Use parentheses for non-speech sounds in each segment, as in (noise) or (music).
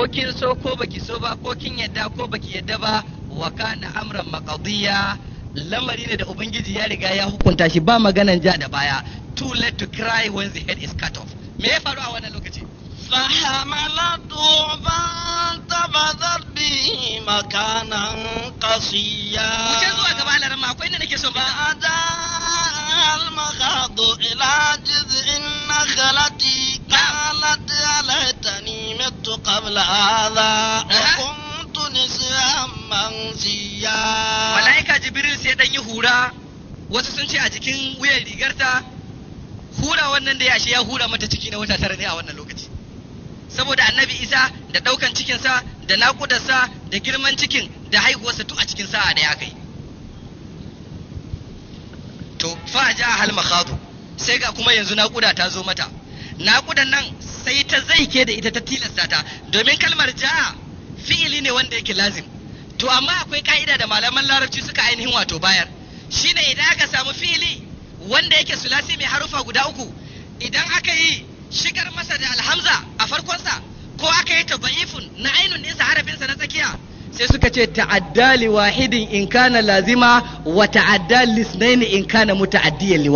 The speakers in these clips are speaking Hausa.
ko kin so ko baki so ba ko kin yadda ko baki yadda ba wa kana amran maqdiya lamari ne da ubangiji ya riga ya hukunta shi ba maganan ja da baya too late to cry when the head is cut off me ya faru a wannan lokaci fahamalatu ba ta bazar bi makanan kasiya ku ce zuwa gaba larama akwai inda nake son ba da almahadu ila jiz'in nakhlati qalat alayt قبل هذا وكنت نسيا منسيا ملائكة جبريل سيدان يهورا wasu sun ce a jikin wuyan rigarta hura wannan da yashe ya hura mata ciki na wata tara ne a wannan lokaci saboda annabi isa da daukan cikinsa da naƙudarsa da girman cikin da haihuwarsa tu a cikin sa'a da ya kai to fa ja hal makhadu sai ga kuma yanzu naƙuda ta zo mata naƙudan nan sai ta ke da ita ta tilasta ta domin kalmar ja fi'ili ne wanda yake lazim to amma akwai ka'ida da malaman larabci suka ainihin wato bayar shine idan aka samu fi'ili wanda yake sulasi mai harufa guda uku idan aka yi shigar masa da alhamza a farkonsa ko aka yi tabaifun na ainun nesa harafinsa na tsakiya sai suka ce ta'adda li wahidin in kana lazima wa ta'adda lisnaini in kana muta'addiyan li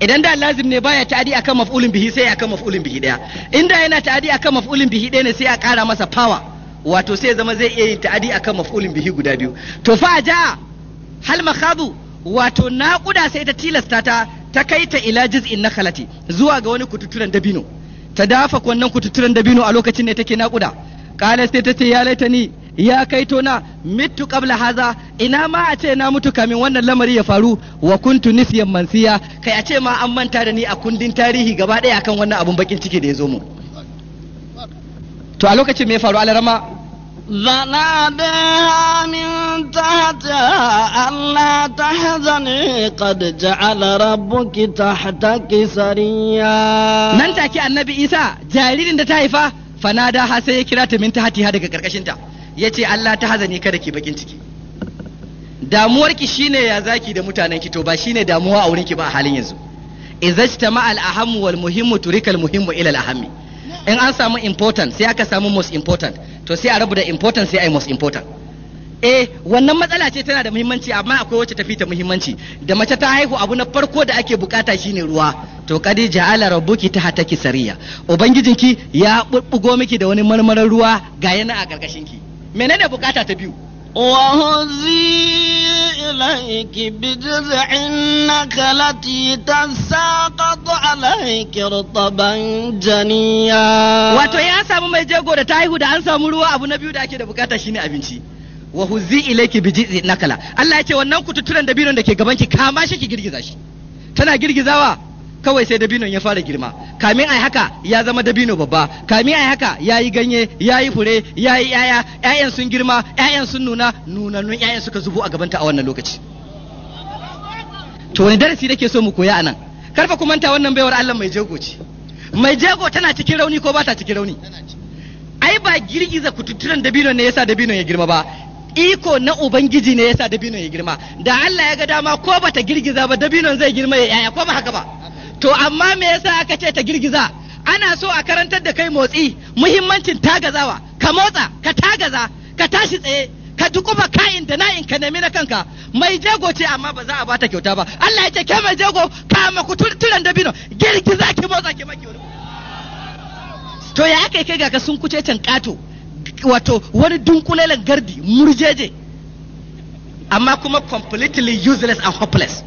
idan da lazim ne baya ta'adi akan maf'ulin bihi sai akan maf'ulin bihi daya inda yana ta'adi akan maf'ulin bihi daya ne sai a kara masa power wato sai zama zai iya yin ta'adi akan maf'ulin bihi guda biyu to fa ja hal makhadu wato naƙuda sai ta tilasta ta ta kai ta ila juz'in nakhalati zuwa ga wani kututuran dabino ta dafa wannan kututuran dabino a lokacin ne take naƙuda qala sai ta ce ya laitani ya kai na mitu kabla haza ina ma a ce na mutu kamin wannan lamari ya faru wa kuntu nisyan mansiya kai a ce ma an manta da ni a kundin tarihi gaba ɗaya akan wannan abun bakin ciki da ya zo mu to a lokacin me ya faru alarama Allah ta من kad ja'ala rabbuki قد جعل nan take Annabi Isa jaririn da ta haifa. fanada ha sai ya kira ta hati ha daga karkashin ta yace Allah ta hazani kada ki bakin ciki Damuwarki shine ya zaki da mutanen ki to ba shine damuwa a wurin ki ba a halin yanzu izajtama al aham wal muhimmu turika al muhimmu ila al aham in an samu important sai aka samu most important to sai a rabu da important sai ai most important eh wannan matsala ce tana da muhimmanci amma akwai wacce tafi ta muhimmanci da mace ta haihu abu na farko da ake bukata shine ruwa to kadi ja'ala rabbuki ta hataki sariya ubangijinki ya bubbugo miki da wani marmarar ruwa ga yana a karkashin ki menene bukata ta biyu وهزي إليك بجذع nakalati tansaqatu alayki rutban janiya wato ya samu mai jego da ta haihu da an samu ruwa abu na biyu da ake da bukata shine abinci wa huzi ilayki bi jizi nakala Allah yace wannan kututturen dabinon da ke gaban ki kama shi ki girgiza shi tana girgizawa kawai sai dabinon ya fara girma kamin ai haka ya zama dabino babba kamin ai haka yayi ganye yayi fure yayi yaya ƴaƴan sun girma ƴaƴan sun nuna nunannun ƴaƴan suka zubo a gabanta a wannan lokaci to wani darasi nake so mu koya anan karfa ku manta wannan baiwar Allah mai jego ce mai jego tana cikin rauni ko ba ta cikin rauni ai ba girgiza kututturen dabino ne yasa dabino ya girma ba iko na ubangiji ne yasa dabino ya girma da Allah ya ga dama ko bata girgiza ba dabino zai girma ya yaya ko ba haka ba to amma me yasa aka ce ta girgiza ana so a karantar da kai motsi muhimmancin tagazawa ka motsa ka tagaza ka tashi tsaye ka dukuba ka'in da na'in ka nemi na kanka mai jego ce amma ba za a bata kyauta ba Allah ya ce ke mai jego ka ma kuturturan dabino girgiza ki motsa ki maki to ya aka kai ga ka sun kuce can kato wato wani dunkulelen gardi murjeje amma kuma completely useless and hopeless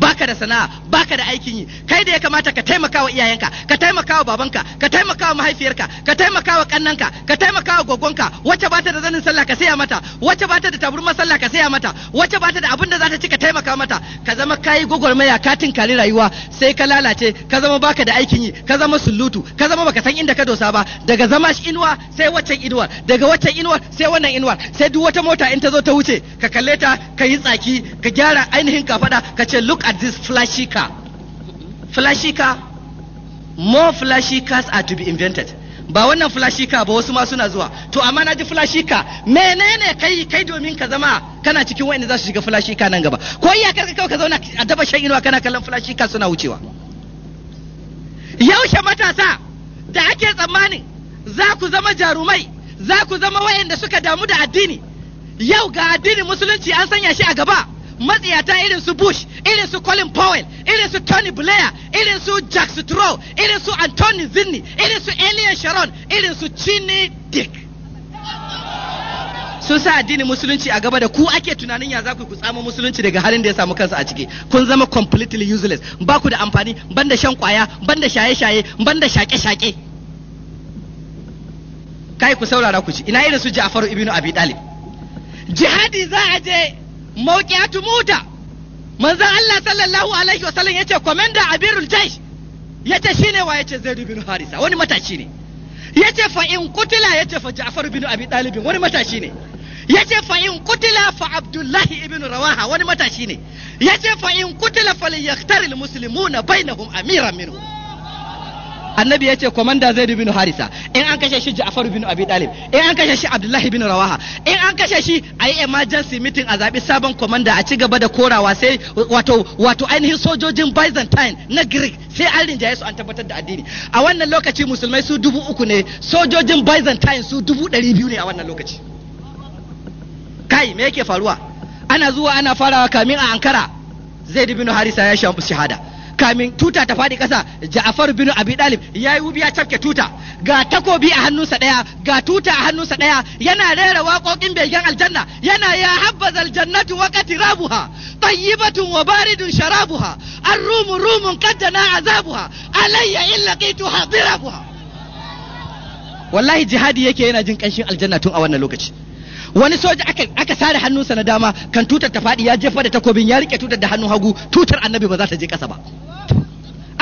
baka da sana'a baka da aikin yi kai da ya kamata ka taimaka wa iyayenka taimaka wa babanka ka taimaka wa mahaifiyarka ka taimaka wa kannanka ka taimaka wa gogonka wacce bata da zanin sallah ka saya mata wacce bata da taburma sallah ka saya mata wacce bata da abin da za ta ci ka taimaka mata ka zama kayi gwagwarmaya ka tinkari rayuwa sai ka lalace ka zama baka da aikin yi ka zama sulutu ka zama baka san inda ka dosa ba daga zama inuwa sai waccan inuwar daga waccan inuwar sai wannan inuwar sai duk wata mota in ta zo ta wuce ka kalle ta ka yi tsaki ka gyara ainihin kafada ka ce look at this flashy car flashy car more flashy cars are to be invented ba wannan flashy car ba wasu ma suna zuwa to amma na ji flashy car menene kai kai domin ka zama kana cikin wani za su shiga flashy car nan gaba ko iya ka kawai ka zauna a daba shan inuwa kana kallon flashy car suna wucewa yaushe matasa da ake tsammanin za ku zama jarumai za ku zama wayanda suka damu da addini yau ga addinin musulunci an sanya shi a gaba matsiyata irin su bush irin su colin powell irin su tony blair irin su jack straw irin su anthony zinni irin su Elliot sharon irin su chini dick sun sa addinin musulunci a gaba da ku ake tunanin ya za ku ku tsamo musulunci daga halin da ya samu kansa a ciki kun zama completely useless ba ku da amfani ban da shan kwaya ban da shaye-shaye ban da shake-shake kai ku saurara ku ci ina irin su Ja'faru ibnu Abi Talib jihadi za a je mawqiyatu muta manzon Allah sallallahu alaihi wasallam yace commander abirul jaish yace shine wa yace zaid bin harisa wani matashi ne yace fa in kutila yace fa ja'far bin abi talib wani matashi ne yace fa in kutila fa abdullahi ibn rawaha wani matashi ne yace fa in kutila falyaktar muslimuna bainahum amiran minhum annabi ya ce komanda zaid bin harisa in an kashe shi ja'far bin abi talib in an kashe shi abdullahi bin rawaha in an kashe shi a yi emergency meeting a zaɓi sabon komanda a ci gaba da korawa sai wato wato ainihin sojojin byzantine na greek sai an rinjaye su an tabbatar da addini a wannan lokaci musulmai su dubu uku ne sojojin byzantine su dubu ɗari biyu ne a wannan lokaci kai me yake faruwa ana zuwa ana farawa kamin a ankara zaid bin harisa ya shamu shahada kamin tuta ta faɗi ƙasa Ja'far bin Abi Dalib yayi wubi ya cafke tuta ga takobi a hannunsa ɗaya ga tuta a hannunsa ɗaya yana rera waƙoƙin begen aljanna yana ya habbazal jannatu wa qatirabuha tayyibatun wa baridun sharabuha arrumu rumun qaddana azabuha alayya illa qitu hadirabuha wallahi jihadi yake yana jin ƙanshin aljanna tun a wannan lokaci wani soja aka, aka sare hannunsa na dama kan tutar ta faɗi ya jefa da takobin ya rike tutar da hannun hagu tutar annabi ba za ta je ƙasa ba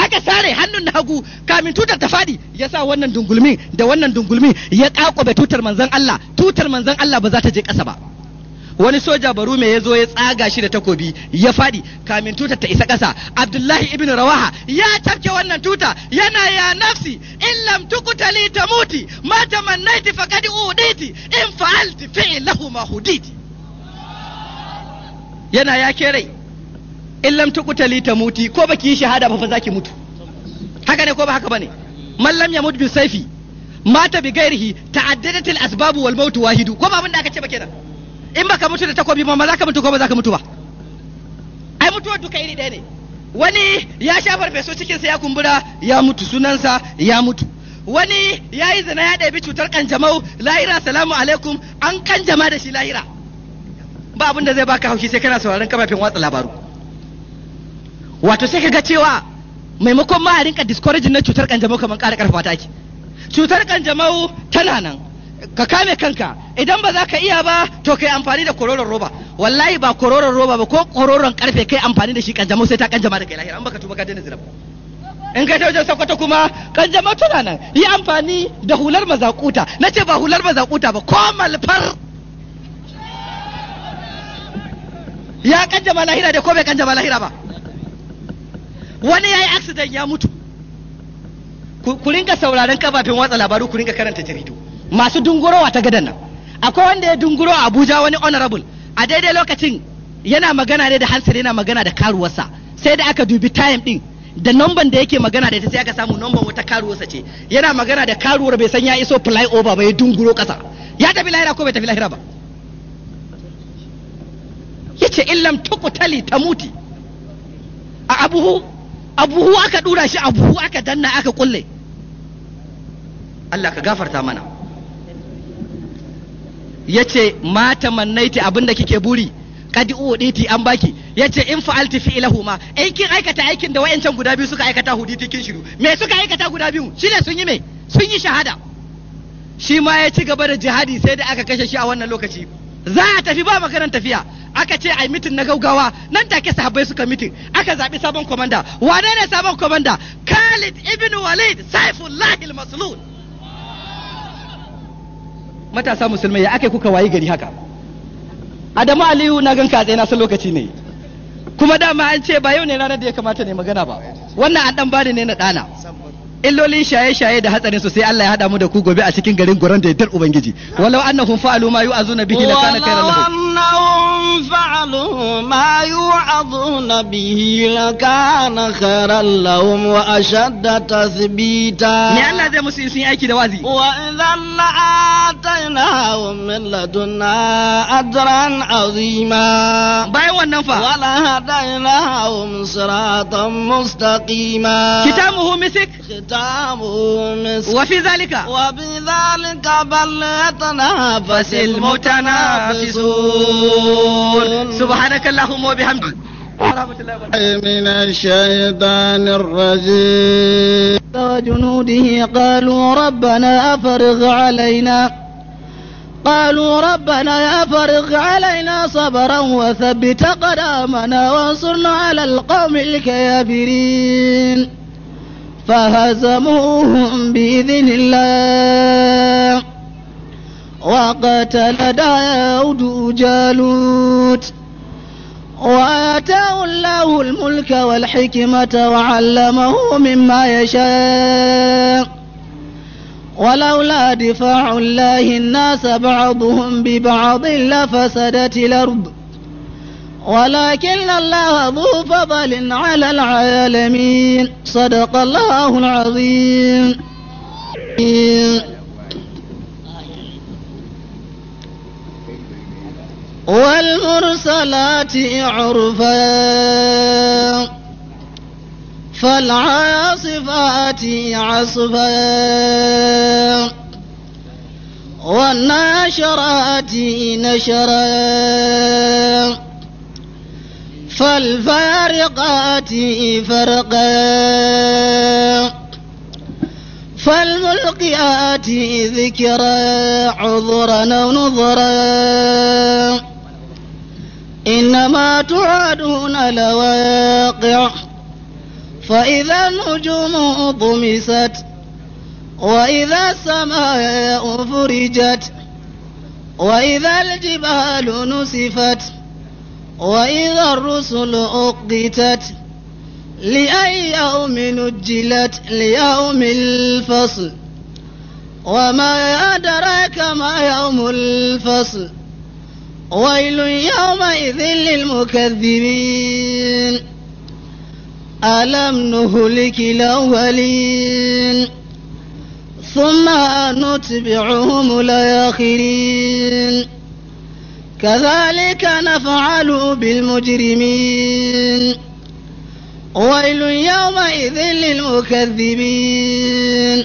aka sare hannun na hagu kamin tutar ta fadi ya sa wannan dungulmin da wannan dungulmin ya kakobe tutar manzon Allah tutar manzon Allah ba za ta je ƙasa ba wani soja baru mai ya zo ya tsaga shi da takobi ya fadi kamin tutar ta isa ƙasa abdullahi ibn rawaha ya tafke wannan tuta yana ya nafsi in lam tukutali muti ma tamannaiti faqad uditi in fa'alti fi'lahu ma huditi yana ya kerai. in lam tuqtali tamuti ko baki yi shahada ba fa zaki mutu haka ne ko ba haka bane man lam yamut bi saifi mata bi ghairihi ta'addadat al asbab wal maut wahidu ko ba abin da aka ce ba kenan in baka mutu da takobi ma za ka mutu ko ba za ka mutu ba ai mutuwa duka iri ɗaya ne wani ya sha farfeso cikinsa ya kumbura ya mutu sunansa ya mutu wani ya yi zina ya ɗabi cutar kanjamau lahira salamu alaikum an kanjama da shi lahira ba abin da zai baka haushi sai kana sauraron kafafen watsa labaru wato sai kaga cewa maimakon ma a rinka discouraging na cutar kanjamau kamar kare ƙarfafa ta cutar kanjamau tana nan ka kame kanka idan ba za ka iya ba to kai amfani da kororon roba wallahi ba kororon roba ba ko kororon karfe kai amfani da shi kanjamau sai ta kanjama da kai lahira an baka tuba ka daina zinabu in kai ta wajen sakwato kuma kanjamau tana nan yi amfani da hular mazakuta na ce ba hular mazakuta ba ko malfar ya kanjama lahira da ko bai kanjama lahira ba wani ya yi accident ya mutu ku rinka sauraron kafafen watsa labaru ku rinka karanta jaridu masu dungurowa ta gadan nan akwai wanda ya dunguro a Abuja wani honorable a daidai lokacin yana magana ne da hansar yana magana da karuwarsa sai da aka dubi time din da nomban da yake magana da ita sai aka samu nomban wata karuwarsa ce yana magana da karuwar bai san ya iso fly over ba ya dunguro kasa ya tafi lahira ko bai tafi lahira ba yace illam tuqtali tamuti a abuhu a buhu aka dura shi a buhu aka danna aka kulle Allah ka gafarta mana Ya yace ma tamannaiti abinda kike buri kadi uditi an baki Ya ce in fa'alti fi'lahu ma eh, kin aikata aikin da wayancan guda biyu suka aikata huditi kin shiru me suka aikata guda biyu ne sun yi me sun yi shahada shi ma ya ci gaba da jihadi sai da aka kashe shi a wannan lokaci za a tafi ba makaran tafiya aka ce ai mitin na gaugawa nan take sahabbai suka mitin aka zaɓi sabon komanda wane ne sabon komanda Khalid ibn Walid Saifullah al-Maslul matasa musulmai ya ake kuka wayi gari haka Adamu Aliyu na ganka Katse na san lokaci ne kuma dama an ce ba yau ne ranar da ya kamata ne magana ba wannan an dan bani ne na dana illolin shaye-shaye da hatsarin su sai Allah ya hada mu da ku gobe a cikin garin goron da yardar ubangiji walau annahum fa'alu ma yu'azuna bihi lakana khairan lahum annahum fa'alu ma yu'azuna bihi lakana khairan lahum wa ashadda tathbita ne Allah zai musu sun aiki da wazi wa idan la'atainahum min ladunna ajran azima bayan wannan fa wala hadainahum siratan mustaqima kitabuhu misik الختام مسك وفي ذلك ذلك بلغتنا فس المتنافسون سبحانك اللهم وبحمدك من الشيطان الرجيم وجنوده قالوا ربنا أفرغ علينا قالوا ربنا أفرغ علينا صبرا وثبت قدامنا وانصرنا على القوم الكافرين فهزموهم بإذن الله وقتل داود جالوت وآتاه الله الملك والحكمة وعلمه مما يشاء ولولا دفاع الله الناس بعضهم ببعض لفسدت الأرض ولكن الله ذو فضل على العالمين صدق الله العظيم والمرسلات عرفا فالعاصفات عصفا والناشرات نشرا فالفارقات فرقا فالملقيات ذكرا عذرا ونظرا انما توعدون لواقع فاذا النجوم طمست واذا السماء فرجت واذا الجبال نسفت وإذا الرسل أقتت لأي يوم نجلت ليوم الفصل وما أدراك ما يوم الفصل ويل يومئذ للمكذبين ألم نهلك الأولين ثم نتبعهم الآخرين كذلك نفعل بالمجرمين ويل يومئذ للمكذبين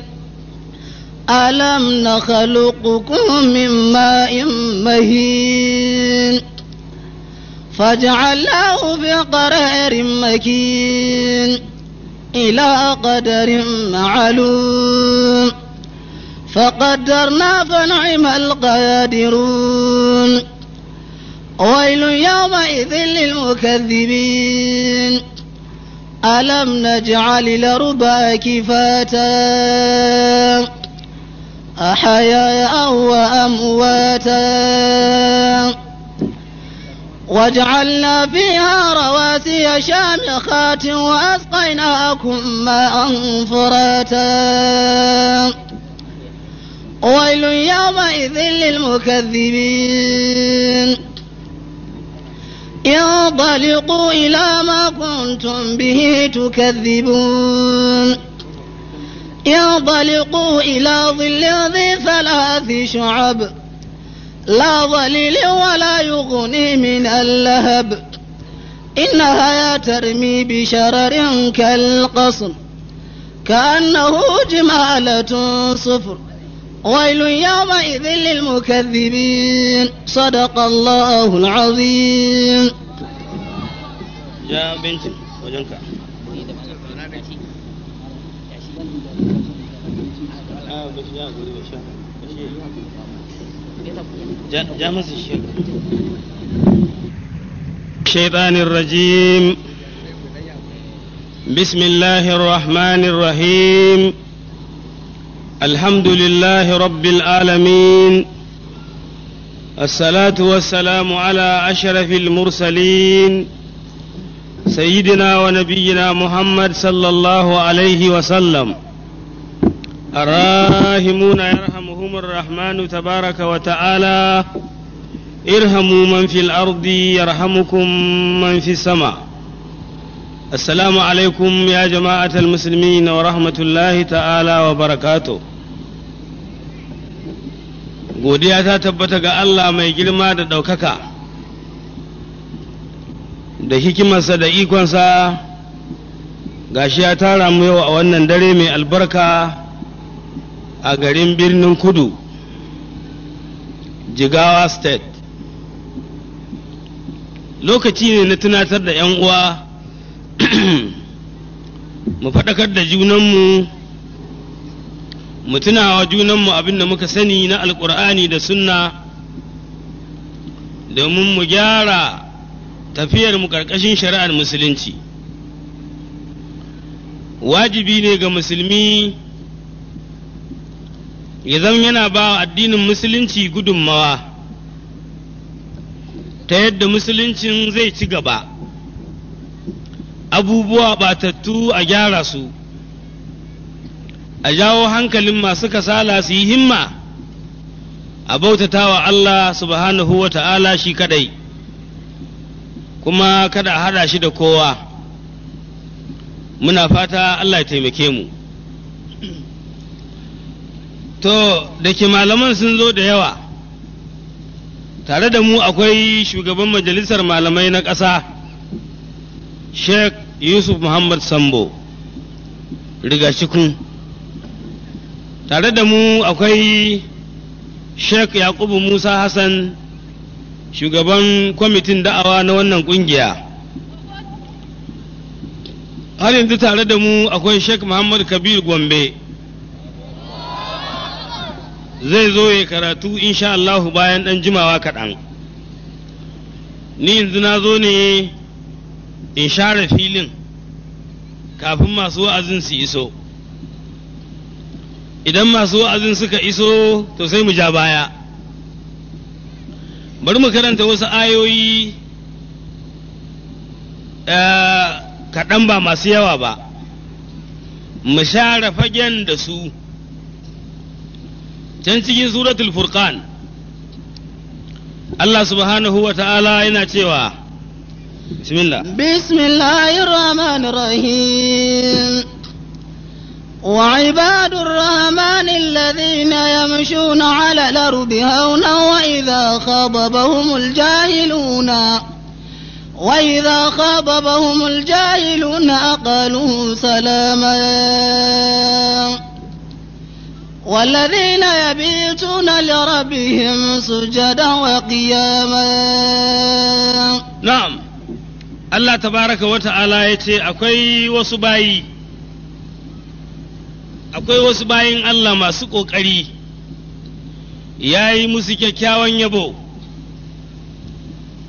ألم نخلقكم من ماء مهين فجعلناه بقرار مكين إلى قدر معلوم فقدرنا فنعم القادرون ويل يومئذ للمكذبين ألم نجعل الأرض كفاتا أحياء وأمواتا وجعلنا فيها رواسي شامخات وأسقيناكم ماء فراتا ويل يومئذ للمكذبين انطلقوا إلى ما كنتم به تكذبون انطلقوا إلى ظل ذي ثلاث شعب لا ظليل ولا يغني من اللهب إنها ترمي بشرر كالقصر كأنه جمالة صفر ويل يومئذ للمكذبين صدق الله العظيم يا بنت وجنك شيطان الرجيم بسم الله الرحمن الرحيم الحمد لله رب العالمين الصلاة والسلام على أشرف المرسلين سيدنا ونبينا محمد صلى الله عليه وسلم الراهمون يرحمهم الرحمن تبارك وتعالى ارحموا من في الأرض يرحمكم من في السماء السلام عليكم يا جماعة المسلمين ورحمة الله تعالى وبركاته godiya ta tabbata ga Allah mai girma da ɗaukaka da hikimarsa da ikonsa ga shi ya tara mu yau a wannan dare mai albarka a garin birnin kudu jigawa state lokaci ne na tunatar da 'yan uwa (clears throat) mu faɗakar da junanmu mu tunawa junanmu abin da muka sani na alkur'ani da sunna domin mu gyara tafiyar mu karkashin shari'ar musulunci wajibi ne ga musulmi ya zama yana ba addinin musulunci gudunmawa ta yadda musuluncin zai ci gaba abubuwa batattu a gyara su a jawo hankalin masu kasala su yi himma a bautata wa Allah subhanahu wa ta'ala shi kadai kuma kada a hada shi da kowa muna fata Allah ya taimake mu to da ke malaman sun zo da yawa tare da mu akwai shugaban majalisar malamai na ƙasa sheikh yusuf muhammad sambo rigashikun tare da mu akwai sheikh yakubu musa hassan shugaban kwamitin da'awa na wannan kungiya har yanzu tare da mu akwai sheikh muhammad kabir gombe zai zo ya karatu insha Allahu bayan ɗan jimawa kaɗan ni yanzu na zo ne in share filin kafin masu wa'azin su iso idan masu wa'azin suka iso to sai mu ja baya bari mu karanta wasu ayoyi eh, kaɗan ba masu yawa ba mu share fagen da su can cikin suratul furqan Allah subhanahu wa ta'ala yana cewa bismillah bismillahir rahim وعباد الرحمن الذين يمشون على الأرض هونا وإذا خاطبهم الجاهلون وإذا خاطبهم الجاهلون أقالوا سلاما والذين يبيتون لربهم سجدا وقياما نعم الله تبارك وتعالى يتي أكوي وصبايي akwai wasu bayan Allah masu ƙoƙari ya yi musu kyakkyawan yabo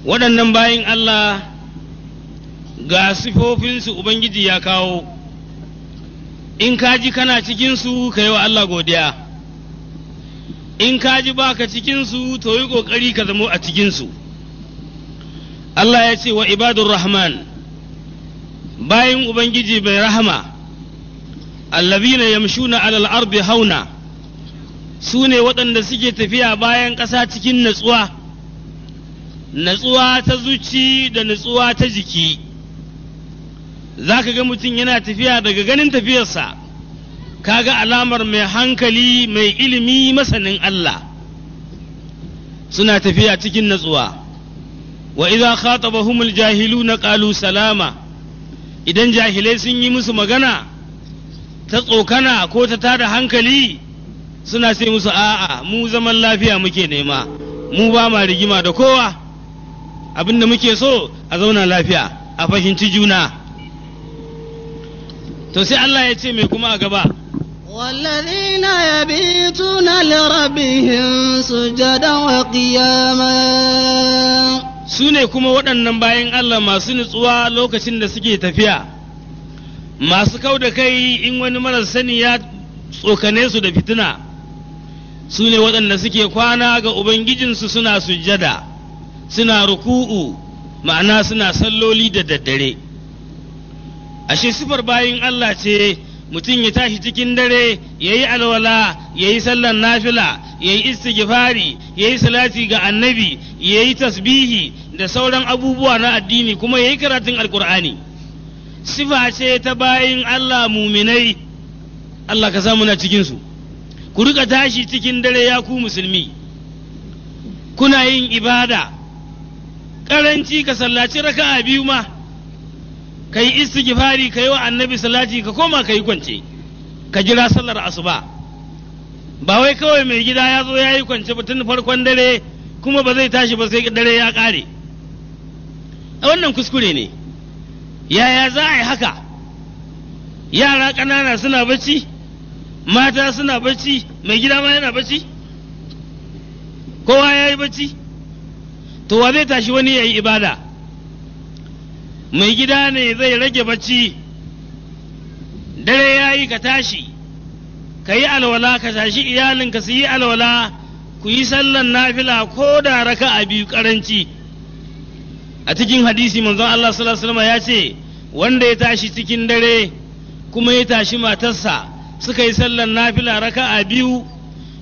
waɗannan bayan Allah ga sifofinsu Ubangiji ya kawo in kaji kana cikinsu ka yi wa Allah godiya in kaji baka cikinsu to yi ƙoƙari ka zamo a cikinsu Allah ya ce wa ibadun rahman bayan Ubangiji bai rahama allabina yamshuna alal arbi hauna su ne waɗanda suke tafiya bayan ƙasa cikin natsuwa natsuwa ta zuci da natsuwa ta jiki za ka ga mutum yana tafiya daga ganin tafiyarsa Ka ga alamar mai hankali mai ilimi masanin Allah suna tafiya cikin natsuwa wa idza khatabahumul na qalu salama idan jahilai sun yi musu magana ta tsokana ko ta tada hankali suna sai musu a'a mu zaman lafiya muke nema mu ba ma rigima da kowa abin da muke so a zauna lafiya a fahimci juna to sai Allah ya ce mai kuma a gaba والذين يبيتون لربهم سجدا وقياما su Sune kuma waɗannan bayan Allah masu nutsuwa lokacin da suke tafiya masu kau da kai in wani marar sani ya tsokane su da fitina su ne waɗanda suke kwana ga ubangijinsu suna sujjada suna ruku'u ma'ana suna salloli da daddare ashe sifar bayan, Allah ce mutum ya tashi cikin dare ya yi alwala ya yi sallan nafila ya yi istighfari ya yi salati ga annabi ya yi tasbihi da sauran abubuwa na addini kuma ya yi karatun alkur'ani sifa ce ta bayin Allah muminai Allah ka samu na cikinsu ku rika tashi cikin dare ya ku musulmi kuna yin ibada karanci ka sallaci raka'a biyu ma ka yi istighfari ka yi wa annabi salati ka koma ka yi kwance ka jira sallar asuba ba wai kawai mai gida ya zo ya yi kwance tun farkon dare kuma ba zai tashi ba sai dare ya kare. wannan kuskure ne yaya za a yi haka yara ƙanana suna bacci mata suna bacci mai gida ma yana bacci kowa ya yi bacci to wa zai tashi wani ya yi ibada mai gida ne zai rage bacci dare ya yi ka tashi ka yi alwala ka tashi iyalinka su yi alwala ku yi sallan nafila ko da raka a biyu karanci a cikin hadisi manzon Allah sallallahu alaihi wasallam ya ce wanda ya tashi cikin dare kuma ya tashi matarsa suka yi sallar nafila raka'a biyu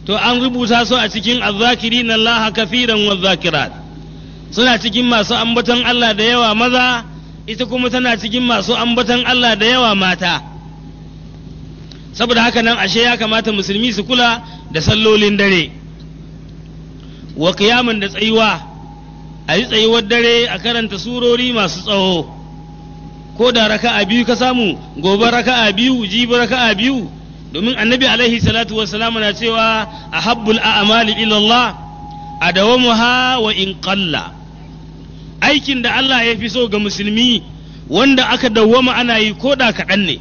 to an rubuta su a cikin na Allah kafiran wa zakirat suna cikin masu ambaton Allah da yawa maza ita kuma tana cikin masu ambaton Allah da yawa mata saboda haka nan ashe ya kamata musulmi su kula da sallolin dare wa da tsayuwa a yi tsayuwar dare a karanta surori masu tsawo ko da raka'a biyu ka samu gobe raka'a biyu jibi raka'a biyu domin annabi alaihi salatu salamu na cewa a habbul a'amali ilallah a ha wa in qalla aikin da Allah ya fi so ga musulmi wanda aka dawwama ana yi ko da kaɗan ne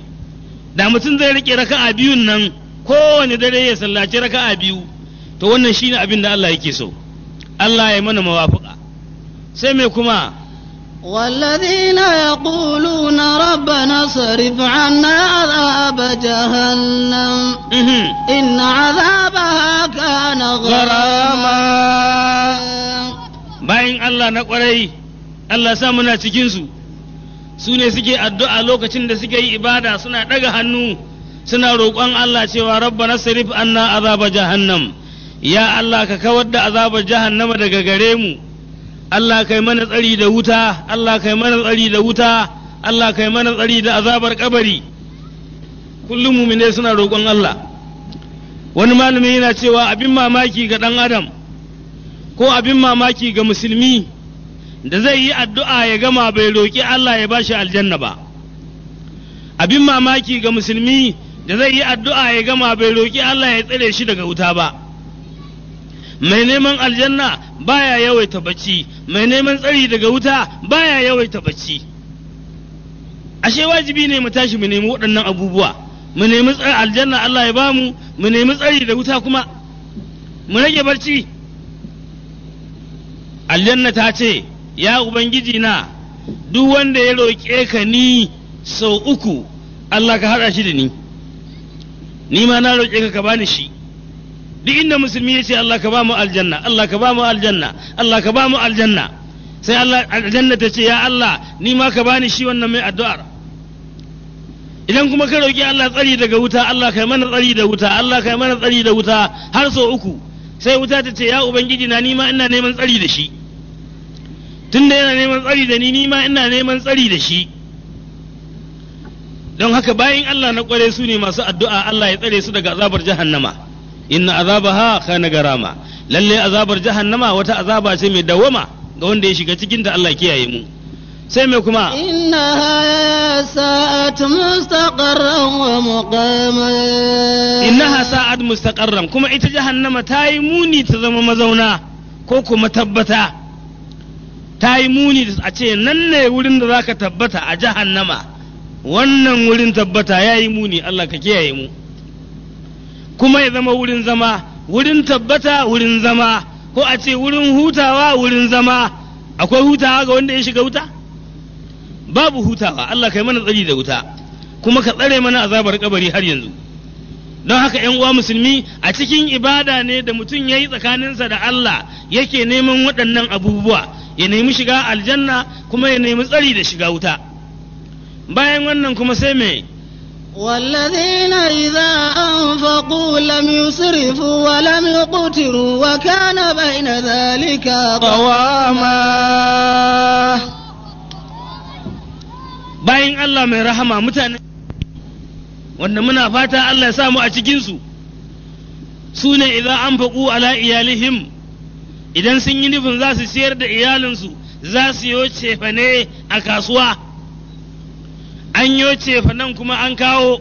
da mutum zai rike raka'a biyun nan kowane dare ya sallaci raka'a biyu to wannan shine abin da Allah yake so Allah ya mana mawafuka sai mai kuma والذين يقولون ربنا اصرف عنا عذاب جهنم إن عذابها Bayan Allah na الله Allah الله سامنا cikinsu su ne suke addu'a lokacin da suke yi ibada suna ɗaga hannu suna roƙon Allah cewa rabbana sarif anna azaba jahannan, ya Allah ka kawar da azabar jahannama daga gare mu Allah kai mana tsari da wuta Allah kai mana tsari da wuta Allah kai mana tsari da azabar kabari kullum mumine suna roƙon Allah wani malami yana cewa abin mamaki ga ɗan adam ko abin mamaki ga musulmi da zai yi addu'a ya gama bai roƙi Allah ya bashi aljanna ba abin mamaki ga musulmi da zai yi addu'a ya gama bai roƙi Allah ya tsare shi daga wuta ba mai neman aljanna baya yawaita bacci mai neman tsari daga wuta baya yawaita bacci ashe wajibi ne mu tashi mu nemi waɗannan abubuwa mu nemi aljanna Allah ya bamu mu nemi tsari da wuta kuma mu rage barci aljanna ta ce ya ubangiji na duk wanda ya roƙe ka ni sau uku Allah ka haɗa shi da ni ni ma na roƙe ka ka bani shi duk inda musulmi ya ce Allah ka ba mu aljanna Allah ka ba mu aljanna Allah ka ba mu aljanna sai Allah aljanna ta ce ya Allah ni ma ka bani shi wannan mai addu'ar idan kuma ka roki Allah tsari daga wuta Allah kai mana tsari da wuta Allah kai mana tsari da wuta har sau uku sai wuta ta ce ya ubangiji na ni ma ina neman tsari da shi tunda yana neman tsari da ni ni ma ina neman tsari da shi don haka bayan Allah na kware su ne masu addu'a Allah ya tsare su daga azabar jahannama inna azabaha kana garama lalle azabar jahannama wata azaba ce mai dawama ga wanda ya shiga cikin ta Allah kiyaye mu sai mai kuma inna sa'at mustaqarran wa muqama inna sa'at mustaqarran kuma ita jahannama ta yi muni ta zama mazauna ko kuma tabbata ta yi muni a ce nan ne wurin da zaka tabbata a jahannama wannan wurin tabbata ya yi muni Allah ka kiyaye mu kuma ya zama wurin zama wurin tabbata wurin zama ko a ce wurin hutawa wurin zama akwai hutawa ga wanda ya shiga wuta babu hutawa Allah kai mana tsari da wuta kuma ka tsare mana azabar kabari har yanzu don haka yan uwa musulmi a cikin ibada ne da mutum ya yi tsakaninsa da Allah yake neman waɗannan abubuwa ya nemi shiga aljanna kuma ya nemi tsari da shiga wuta bayan wannan kuma sai mai والذين إذا أنفقوا لم يسرفوا ولم يقتروا وكان بين ذلك قواما bayan Allah mai rahama mutane wanda muna fata Allah ya samu a cikinsu su ne idan an faƙu ala iyalihim idan sun yi nufin za su siyar da iyalinsu za su yi cefane a kasuwa an yoce nan kuma an kawo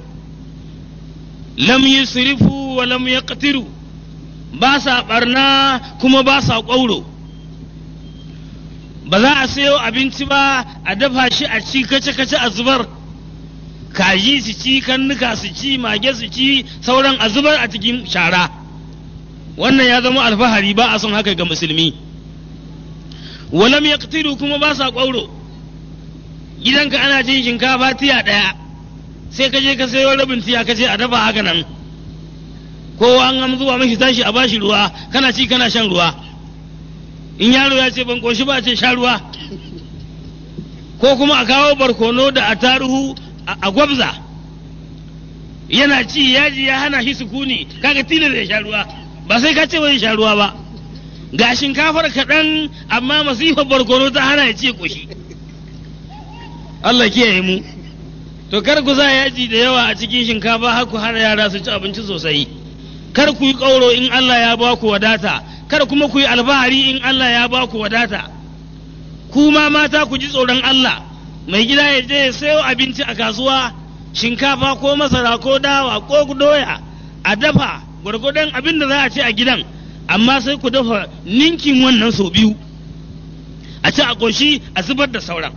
lam yusrifu wa lam yaqtiru ba sa barna kuma ba sa ƙwauro ba za a sayo abinci ba a dafa shi a ci kace-kace a zubar kaji su ci karnuka su ci mage su ci sauran a zubar a cikin shara wannan ya zama alfahari ba a son haka ga musulmi walam yaqtiru kuma ba sa ƙwauro gidanka ana cin shinkafa tiya ɗaya sai ka je ka sayo rabin tiya ka ce a dafa haka nan kowa an am zuwa mashi tashi a bashi ruwa kana ci kana shan ruwa in yaro ya ce ban koshi ba ce sha ruwa ko kuma a kawo barkono da a taruhu a gwabza yana ci yaji ya hana shi sukuni kaga tilas ya sha ruwa ba sai ka ce wani sha ruwa ba ga shinkafar kaɗan amma masifar barkono ta hana ya ce koshi Allah kiyaye mu to kar ku za yaji da yawa a cikin shinkafa har ku hana yara su ci abinci sosai kar ku yi ƙauro in Allah ya ba ku wadata kar kuma ku yi alfahari in Allah ya ba ku wadata ku ma mata ku ji tsoron Allah mai gida ya je ya sayo abinci a kasuwa shinkafa ko masara ko dawa ko doya a dafa gwargwadon abin da za a ci a gidan amma sai ku dafa ninkin wannan sau biyu a ci a ƙoshi a zubar da sauran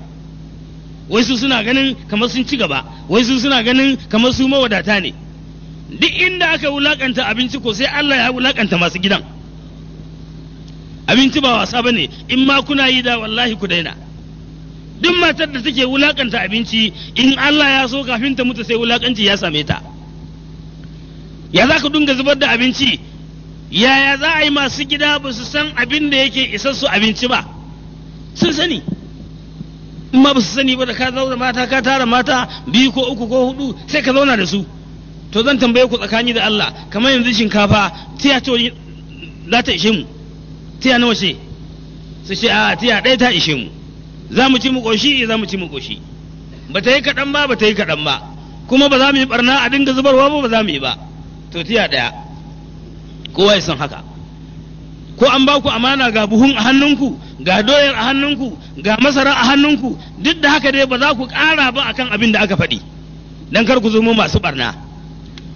wai su suna ganin kamar sun ci gaba wai su suna ganin kamar su mawadata ne duk inda aka wulakanta abinci ko sai Allah ya wulakanta masu gidan abinci ba wasa bane in ma kuna yi da wallahi ku daina duk matar da take wulakanta abinci in Allah ya so kafin ta mutu sai wulakanci ya same ta ya za ka dunga zubar da abinci yaya za a yi masu gida ba su san abin da yake isassu abinci ba sun sani in ma ba su sani ba da ka zauna mata ka tara mata biyu ko uku ko hudu sai ka zauna da su to zan tambaye ku tsakani da Allah kamar yanzu shinkafa tiya ce za ta ishe mu tiya nawa ce su ce a tiya ɗaya ta ishe mu za mu ci mu ƙoshi eh, za mu ci mu ƙoshi ba ta yi kaɗan ba ba ta yi kaɗan ba kuma ba za mu yi barna a dinga zubarwa ba ba za mu yi ba to tiya ɗaya kowa ya san haka ko an ba ku amana ga buhun a hannunku ga doyar a hannunku ga masara a hannunku duk da haka dai ba za ku ƙara ba akan abin da aka faɗi dan kar ku zama masu barna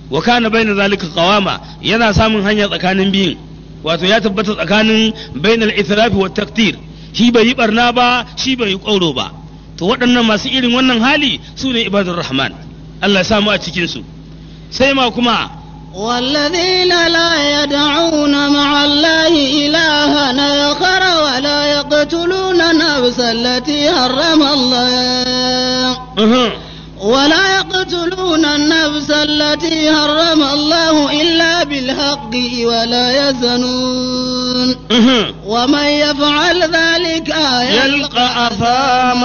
wa kana baina zalika qawama yana samun hanya tsakanin biyun wato ya tabbata tsakanin bainal israfi wa taktir shi bai yi barna ba shi bai yi ba to waɗannan masu irin wannan hali su ne ibadur rahman Allah ya samu a cikin su sai ma kuma والذين لا يدعون مع الله إلها آخر ولا يقتلون النفس التي حرم الله ولا يقتلون النفس التي حرم الله إلا بالحق ولا يزنون ومن يفعل ذلك يلقى أثاما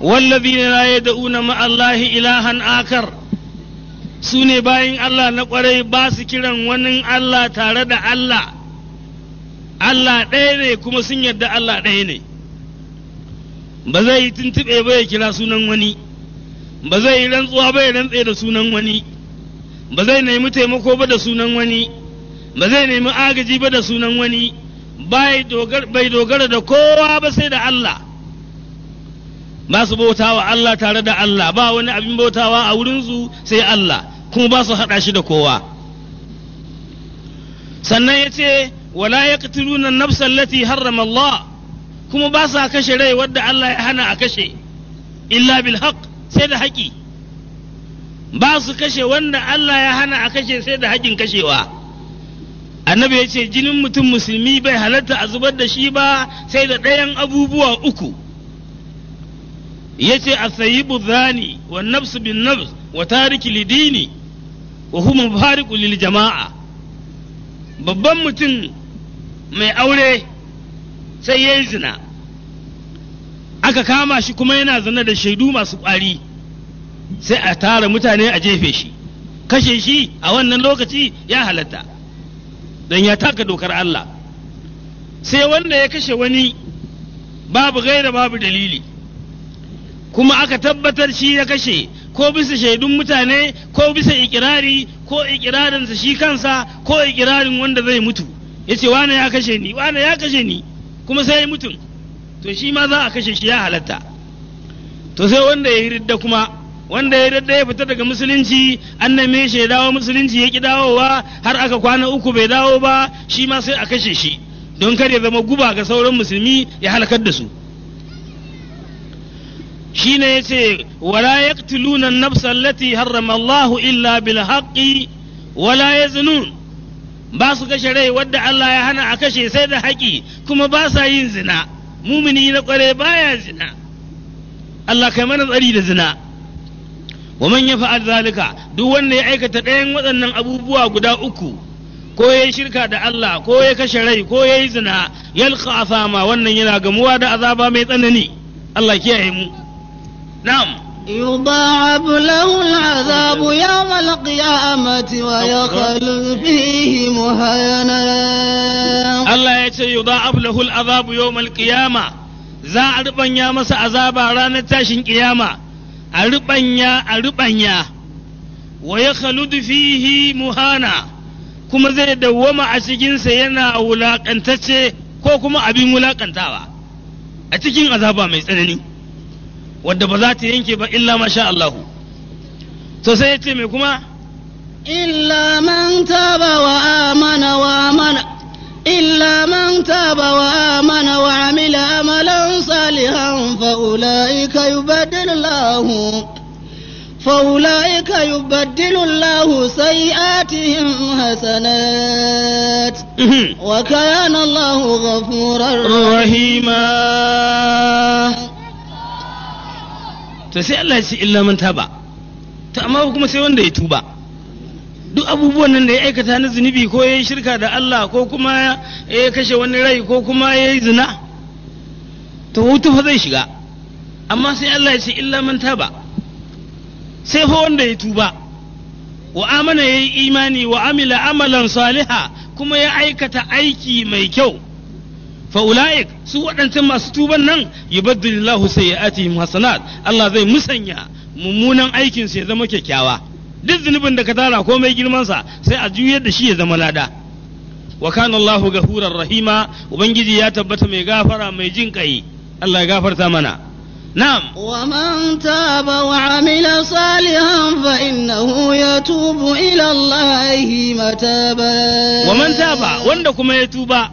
والذين لا يدعون مع الله إلها آخر su ne bayan Allah na ƙwarai ba su kiran wani Allah tare da Allah Allah ɗaya ne kuma sun yarda Allah ɗaya ne ba zai yi tuntuɓe ba ya kira sunan wani ba zai yi rantsuwa ba ya rantse da sunan wani ba zai nemi taimako ba da sunan wani ba zai nemi agaji ba da sunan wani bai dogara da kowa ba sai da Allah ba su bauta wa Allah tare da Allah ba wani abin bautawa a wurinsu sai Allah kuma ba su haɗa shi da kowa sannan ya ce wala ya ƙatiluna nafsan lati harrama Allah kuma ba sa kashe rai wadda Allah ya hana a kashe illa bil haq sai da haƙi ba su kashe wanda Allah ya hana a kashe sai da haƙin kashewa annabi ya ce jinin mutum musulmi bai halatta a zubar da shi ba sai da ɗayan abubuwa uku yace asayibu zani wa nafsu bin nafs wa tariki lidini wa huma fariqu lil jama'a babban mutum mai aure sai yayi zina aka kama shi kuma yana zina da shaidu masu kwari sai a tara mutane a jefe shi kashe shi a wannan lokaci ya halatta don ya taka dokar Allah sai wanda ya kashe wani babu gaira babu dalili kuma aka tabbatar shi ya kashe ko bisa shaidun mutane ko bisa ikirari ko ikirarinsa shi kansa ko ikirarin wanda zai mutu ya ce wane ya kashe ni wane ya kashe ni kuma sai mutum to shi ma za a kashe shi ya halatta to sai wanda ya hirda kuma wanda ya hirda ya fita daga musulunci annabi ya shaida wa dawo musulunci ya ki dawowa har aka kwana uku bai dawo ba shi ma sai a kashe shi don kar ya zama guba ga sauran musulmi ya halakar da su Shi shine yace wala yaqtuluna an-nafsa allati harrama Allahu illa bil haqqi wala yaznun ba su kashe rai wadda Allah ya hana a kashe sai da haƙi kuma ba sa yin zina mumini na ƙware baya zina Allah kai mana tsari da zina wa man ya zalika duk wanda ya aikata ɗayan waɗannan abubuwa guda uku ko ya yi shirka da Allah ko ya kashe rai ko ya yi zina a asama wannan yana gamuwa da azaba mai tsanani Allah kiyaye mu na'am يضاعف له العذاب يوم القيامة ويخلد فيه مهانا الله يتي يضاعف له العذاب يوم القيامة za a ruɓanya masa azaba ranar tashin ƙiyama a ruɓanya a ruɓanya wa ya khaludu fihi muhana kuma zai dawwama a cikinsa yana wulakantacce ko kuma abin wulaƙantawa a cikin azaba mai tsanani wadda ba za ta yanke ba illa ma sha Allah to sai ya ce mai kuma illa man taba wa amana wa amana illa man taba wa amana wa amila amalan salihan fa ulaika yubaddilu mhm. Allahu فأولئك يبدل الله Wa حسنات وكان الله غفورا رحيما to sai Allah ya ce illa man taba to amma kuma sai wanda ya tuba duk abubuwan nan da ya aikata na zunubi ko ya yi shirka da Allah ko kuma ya kashe wani rai ko kuma ya yi zina to wuta fa zai shiga amma sai Allah ya ce illa man taba sai fa wanda ya tuba wa amana ya yi imani wa amila amalan saliha kuma ya aikata aiki mai kyau fa ulaik su waɗancan masu tuban nan yubaddilillahu sayyi'atihim hasanat Allah zai musanya mummunan aikin su ya zama kyakkyawa duk zunubin da ka tara komai girman sa sai a juyar da shi ya zama lada wa kana Allahu ghafurar rahima ubangiji ya tabbata mai gafara mai jin kai Allah ya gafarta mana Na'am. Wa wa نعم ومن تاب وعمل صالحا فإنه يتوب Wa الله متابا wanda kuma ya tuba.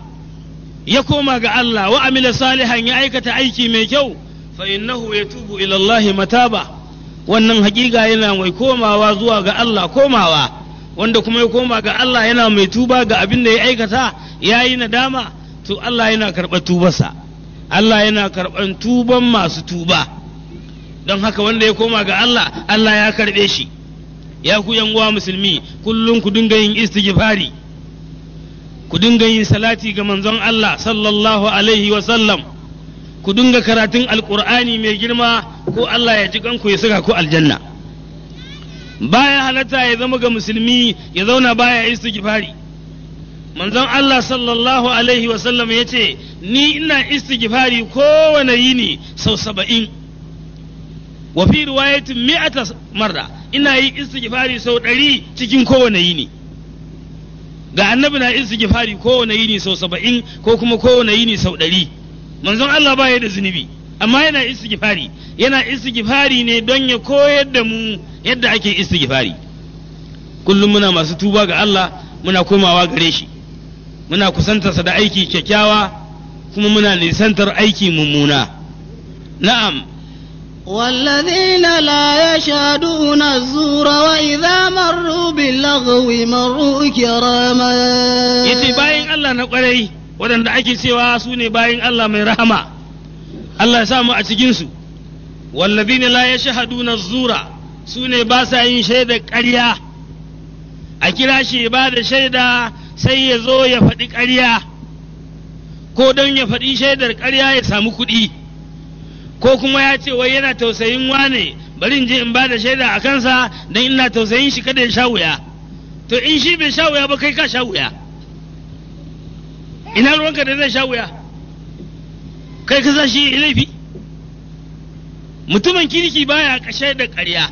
ya koma ga Allah wa amila salihan ya aikata aiki mai kyau fa innahu yatubu ila Allah mataba wannan hakika yana mai komawa zuwa ga Allah komawa wanda kuma ya koma ga Allah yana mai tuba ga abin da ya aikata yayi nadama to Allah yana karɓar tubarsa Allah yana karɓar tuban masu tuba don haka wanda ya koma ga Allah Allah ya karɓe shi ya ku yan uwa musulmi kullum ku dinga yin istighfari ku dinga yin salati ga manzon Allah sallallahu alaihi wa sallam ku dinga karatun alkur'ani mai girma ko Allah ya ji kanku ya saka ku aljanna baya halatta ya zama ga musulmi ya zauna baya istighfari manzon Allah sallallahu alaihi wa sallam ya ce ni ina istighfari kowane yini sau saba'in wa fi riwayatin mi'ata marra ina yi istighfari sau ɗari cikin kowane yini ga annabi na gifari kowane yini sau saba'in ko kuma kowane yini sau ɗari manzon Allah ba ya da zunubi amma yana gifari yana gifari ne don ya koyar da mu yadda ake gifari kullum muna masu tuba ga Allah muna komawa gare shi muna kusantarsa da aiki kyakkyawa kuma muna nisantar aiki mummuna na'am والذين لا يشهدون الزور وإذا مروا باللغو مروا كراما يتي باين الله نقري ودن دعيك سوا سوني باين الله من رحمة الله يسامو أتجنسو والذين لا يشهدون الزور سوني باسا إن شهد كريا أكراشي بعد شهد سيزو يفتك كريا ko don ya faɗi shaidar ƙarya ya samu kuɗi ko kuma ya ce wai yana tausayin wane bari in je in ba da shaida a kansa don ina tausayin shi kada ya sha wuya to in shi bai sha wuya ba kai ka sha wuya ina ruwanka da zai sha wuya kai ka sa shi laifi mutumin kirki baya shaida ƙarya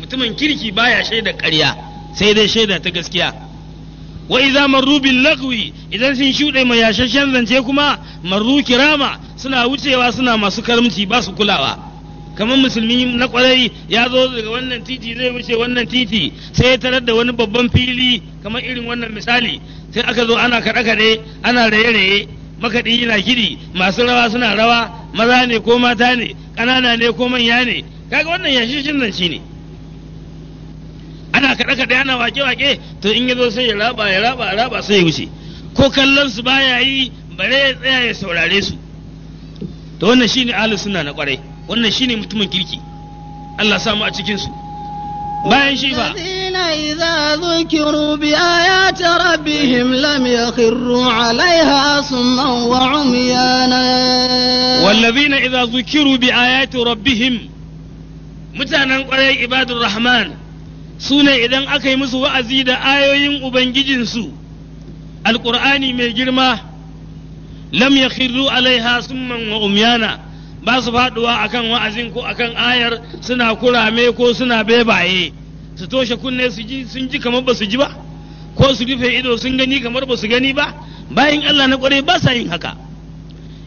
mutumin kirki baya shaida ƙarya sai dai shaida ta gaskiya wa iza marru bil lagwi idan sun shuɗe mai yashashen zance kuma marru kirama suna wucewa suna masu karamci ba su kulawa kamar musulmi na kwarai ya zo daga wannan titi zai wuce wannan titi sai ya tarar da wani babban fili kamar irin wannan misali sai aka zo ana kaɗe-kaɗe ana raye-raye makaɗi yana kiɗi masu rawa suna rawa maza ne ko mata ne ƙanana ne ko manya ne kaga wannan shi nan shi ne ana kaɗe-kaɗe ana wake-wake to in ya zo sai ya raba ya raba ya raba sai ya wuce ko kallon su baya yi bare ya tsaya ya saurare su to wannan shine ahlus sunna na kwarai wannan shine mutumin kirki Allah samu a cikin su bayan shi ba إذا ذكروا بآيات ربهم لم يخروا عليها صما وعميانا والذين إذا ذكروا بآيات ربهم متانا قرأي عباد الرحمن سنة إذا أكي مسوا أزيد آيوين أبنججنسو القرآن mai girma. lam yakhiru alaiha summan wa umyana ba su faduwa akan wa'azin ko akan ayar suna kurame ko suna bebaye su toshe kunne su ji sun ji kamar ba su ji ba ko su rufe ido sun gani kamar ba su gani ba bayan Allah na kware ba sa yin haka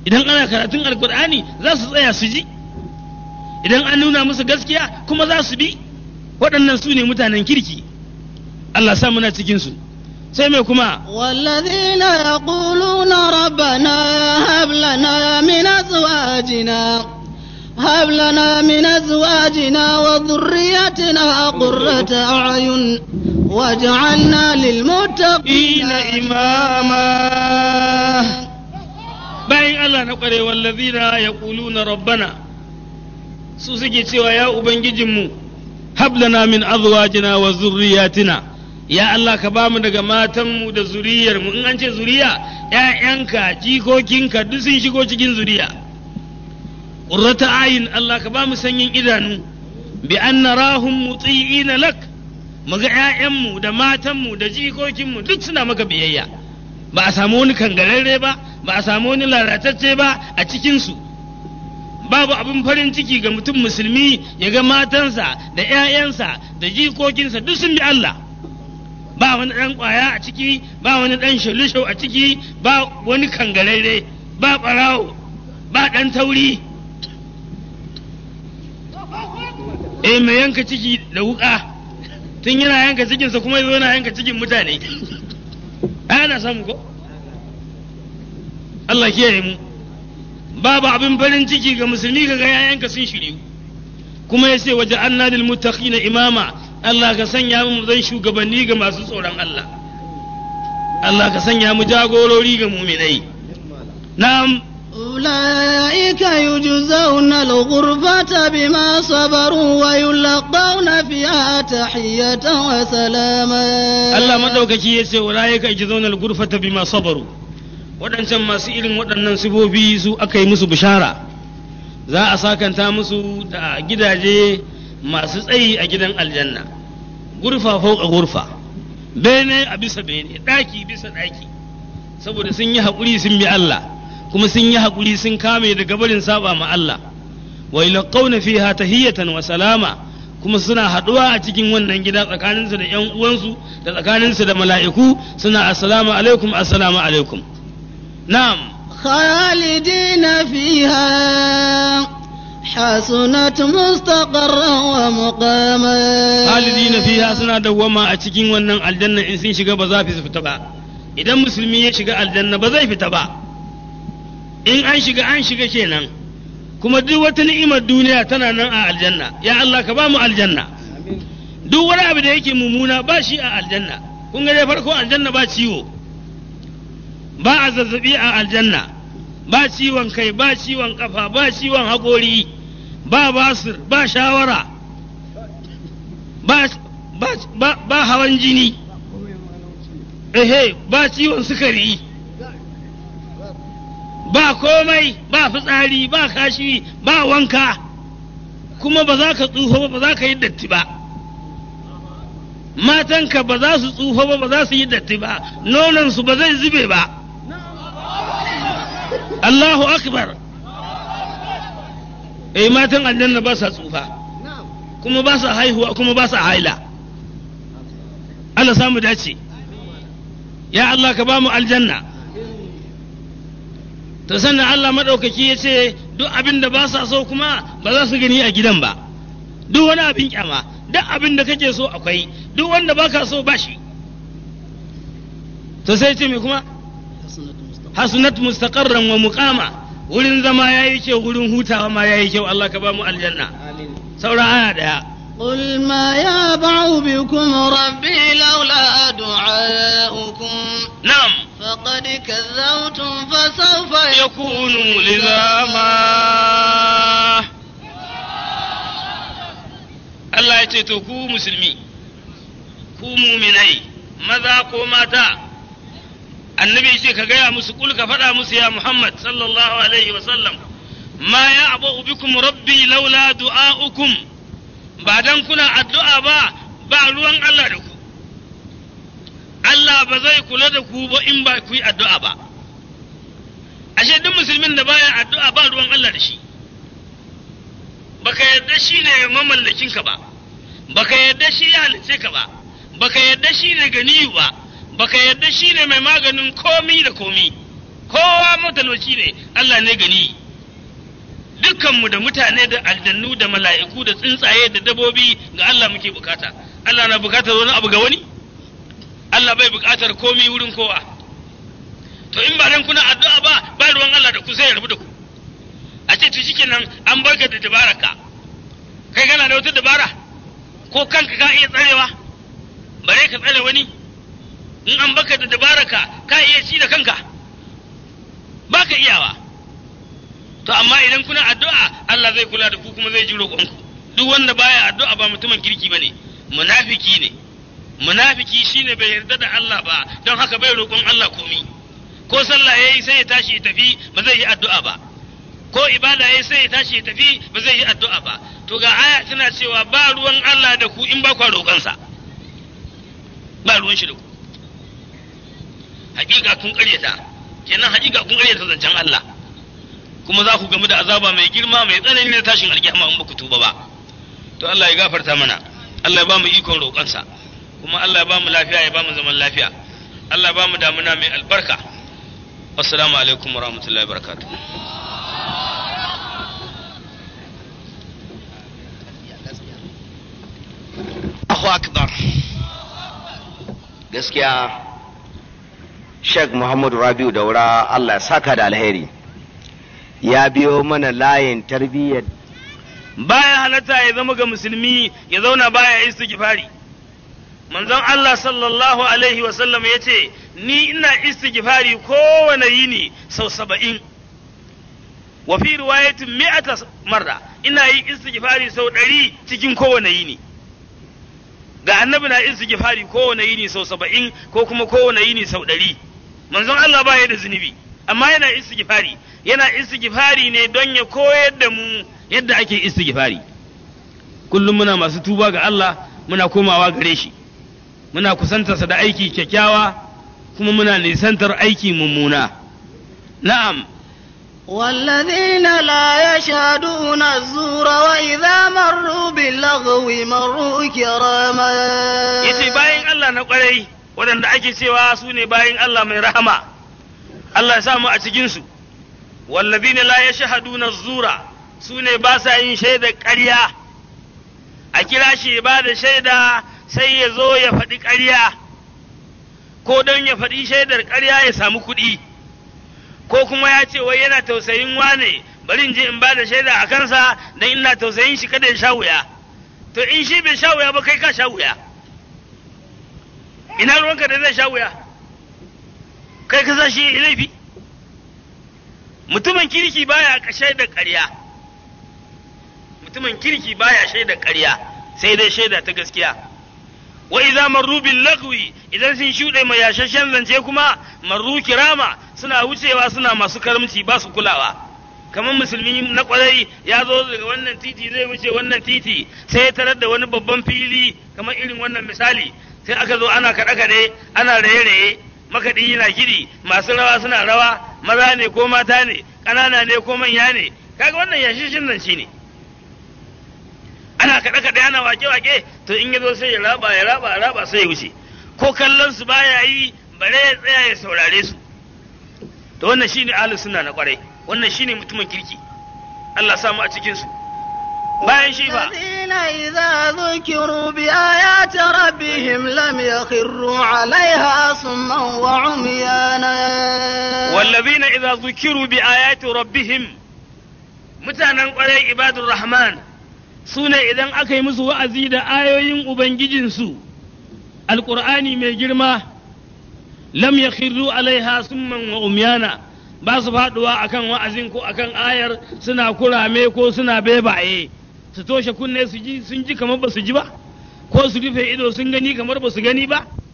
idan ana karatun alkur'ani za su tsaya su ji idan an nuna musu gaskiya kuma za su bi waɗannan su ne mutanen kirki Allah sa muna cikin su sai mai kuma wallazina yaquluna rabbana hab lana min azwajina هب لنا من أزواجنا وذريتنا قرة أعين واجعلنا للمتقين imama. bayan Allah na ƙware wallazina ya na rabbana su suke cewa ya ubangijinmu hablana min azwajina wa zurriyatina ya Allah ka bamu daga matanmu da zuriyarmu in an ce zuriya ‘ya'yanka jikokinka duk sun shigo cikin zuriya ƙurrata ayin Allah ka bamu sanyin idanu bi an na rahun mutsi'ina lak ga ‘ya'yanmu da matanmu da jikokinmu duk suna maka biyayya ba a samu wani kangararre ba ba a samu wani lalatacce ba a cikinsu babu abin farin ciki ga mutum musulmi ya ga matansa da ‘ya'yansa da jikokinsa duk sun bi Allah ba wani ɗan ƙwaya a ciki ba wani ɗan shalushau a ciki ba wani kangararre ba ɓarawo ba ɗan tauri eh mai yanka ciki da wuƙa tun yana yanka cikinsa kuma zo yana yanka cikin mutane (laughs) ana samu ko Allah kiyaye mu babu abin farin ciki ga musulmi kaga yanka sun shiryu kuma ya ce waje annadil muttaqina imama Allah ka sanya mu zan shugabanni ga masu tsoron Allah Allah ka sanya mu jagorori ga muminai na'am ulaika yujzauna al-ghurfata bima sabaru wa yulqauna fiha tahiyatan wa salama Allah madaukaki yace ulaika yujzauna al-ghurfata bima sabaru waɗancan masu irin waɗannan sibobi su aka yi musu bishara za a sakanta musu da gidaje masu tsayi a gidan aljanna gurfa fauka gurfa bene a bisa bene daki bisa daki saboda sun yi haƙuri sun bi Allah kuma sun yi haƙuri sun kame daga barin saba ma Allah wa ilaqawna fiha tahiyatan wa salama kuma suna haɗuwa a cikin wannan gida tsakaninsu da ƴan uwansu da tsakaninsu da mala'iku suna assalamu alaikum assalamu alaikum na'am khalidina fiha حسنت مستقرا ومقاما خالدين فيها a cikin wannan aljanna in sun shiga ba za fita ba idan musulmi ya shiga aljanna ba zai fita ba in an shiga an shiga kenan kuma duk wata ni'imar duniya tana nan a aljanna ya Allah ka ba mu aljanna duk wani abu da yake mummuna ba shi a aljanna kun ga dai farko aljanna ba ciwo ba a zazzabi a aljanna ba ciwon kai ba ciwon kafa ba ciwon hakori. ba basir ba shawara ba hawan jini ehe ba ciwon sukari ba komai ba fitsari ba kashi ba wanka kuma ba za ka tsufa ba ba za ka yi datti ba matanka ba za su tsufa ba ba za su yi datti ba nonansu ba zai zube ba Allahu akbar eh matan aljanna ba sa tsufa kuma ba sa haihuwa kuma ba sa haila Allah samu dace ya Allah ka ba mu aljanna to sannan Allah madaukaki ya ce duk abin da ba sa so kuma ba za su gani a gidan ba duk wani abin kyama duk abin da kake so akwai duk wanda baka so ba shi to sai ce me kuma hasunat mustaqarran wa muqama wurin zama yayi kyau wurin hutawa ma yi kyau Allah ka ba mu aljanna amin saura aya daya قل ما يابع بكم ربي لولا دعاؤكم نعم فقد كذبتم فسوف يكون لزاما Allah ya ce to ku musulmi ku muminai maza ko mata annabi ya ce ka gaya musu kul ka faɗa musu ya muhammad sallallahu alaihi wasallam ma ya abu ubikum rabbi laula du'a'ukum ba dan kuna addu'a ba ba ruwan Allah da ku Allah ba zai kula da ku ba in ba ku yi addu'a ba ashe duk musulmin da baya addu'a ba ruwan Allah da shi baka yarda shi ne mamallakin ka ba baka yarda shi ya halice ka ba baka yarda shi ne ganiyu ba baka yadda shi ne mai maganin komi da komi kowa matalauci ne Allah ne gani dukkanmu da mutane da aljannu da mala'iku da tsuntsaye da dabobi ga Allah muke bukata Allah na bukatar wani abu ga wani Allah bai bukatar komi wurin kowa to in ba dan kuna addu'a ba ba ruwan Allah da ku sai ya rabu da ku a ce to nan an barka da dabaraka kai kana da wata dabara ko kanka ka iya tsarewa bare ka tsare wani in an baka da dabaraka ka iya ci da kanka ba ka iyawa to amma idan kuna addu'a Allah zai kula da ku kuma zai ji roƙonku duk wanda baya addu'a ba mutumin kirki bane munafiki ne munafiki shine bai yarda da Allah ba don haka bai roƙon Allah komai ko sallah yayi sai ya tashi ya tafi ba zai yi addu'a ba ko ibada yayi sai ya tashi ya tafi ba zai yi addu'a ba to ga aya tana cewa ba ruwan Allah da ku in ba ku roƙonsa ba ruwan shi da ku hakika kun karyata kenan hakika kun karyata zancen Allah kuma za ku gamu da azaba mai girma mai tsanani na tashin alƙiyama in ba ku tuba ba to Allah ya gafarta mana Allah ya ba mu ikon roƙonsa kuma Allah ya ba mu lafiya ya ba mu zaman lafiya Allah ya ba mu damuna mai albarka assalamu alaikum warahmatullahi wabarakatuh Allahu akbar gaskiya Sheikh Muhammadu Rabiu Daura Allah saka da alheri ya biyo mana layin tarbiyyar baya halatta ya zama ga musulmi ya zauna baya istighfari manzon Allah sallallahu alaihi wa ya ce ni ina istighfari kowane yini sau saba'in wa fi riwayatin mi'ata marra ina yi istighfari sau ɗari cikin kowane yini ga annabi na istighfari kowane yini sau saba'in ko kuma kowane yini sau ɗari manzon Allah ba ya da zunubi amma yana istighfari yana istighfari ne don ya koyar da mu yadda ake istighfari kullum muna masu tuba ga Allah muna komawa gare shi muna kusantarsa da aiki kyakkyawa kuma muna nisantar aiki mummuna na'am والذين لا يشهدون الزور وإذا مروا باللغو مروا كراما يتي Allah الله نقري waɗanda ake cewa su ne bayan Allah mai rahama Allah ya samu a cikinsu ne la na zura su ne ba sa yin shaida ƙarya a kira shi ba da shaida sai ya zo ya faɗi ƙarya ko don ya faɗi shaidar ƙarya ya samu kuɗi ko kuma ya ce wai yana tausayin wane bari in je in ba da shaida a kansa don ina tausayin shi kada ya sha wuya to in shi bai sha wuya ba kai ka sha wuya ina ruwanka da zai sha wuya kai ka sa shi laifi mutumin kirki baya shaida ƙarya mutumin kirki baya shaida ƙarya sai dai shaida ta gaskiya wa idza marru bil lagwi idan sun shuɗe mai yashashen zance kuma marru kirama suna wucewa suna masu karamci ba su kulawa kamar musulmi na kwarai ya zo daga wannan titi zai wuce wannan titi sai ya tarar da wani babban fili kamar irin wannan misali sai aka zo ana kaɗe-kaɗe ana raye-raye makaɗi yana gidi, masu rawa suna rawa maza ne ko mata ne ƙanana ne ko manya ne kaga wannan yashishin nan shi ne ana kaɗe-kaɗe ana wake-wake to in ya zo sai ya raba ya raba ya raba sai ya wuce ko kallon su baya yi bare ya tsaya ya saurare su to wannan shine ahlus sunna na kwarai wannan shine mutumin kirki Allah samu a cikinsu. bayan shi ba إذا ذكروا بآيات ربهم لم يخروا عليها صما وعميانا والذين إذا ذكروا بآيات ربهم mutanen ƙwarai ibadur rahman su idan aka yi musu wa'azi da ayoyin ubangijinsu alƙur'ani mai girma lam ya alaiha summan wa umyana ba faɗuwa akan wa'azin ko akan ayar suna kurame ko suna bebaye su toshe kunne su ji sun ji kamar ba su ji ba ko su rufe ido sun gani kamar ba su gani ba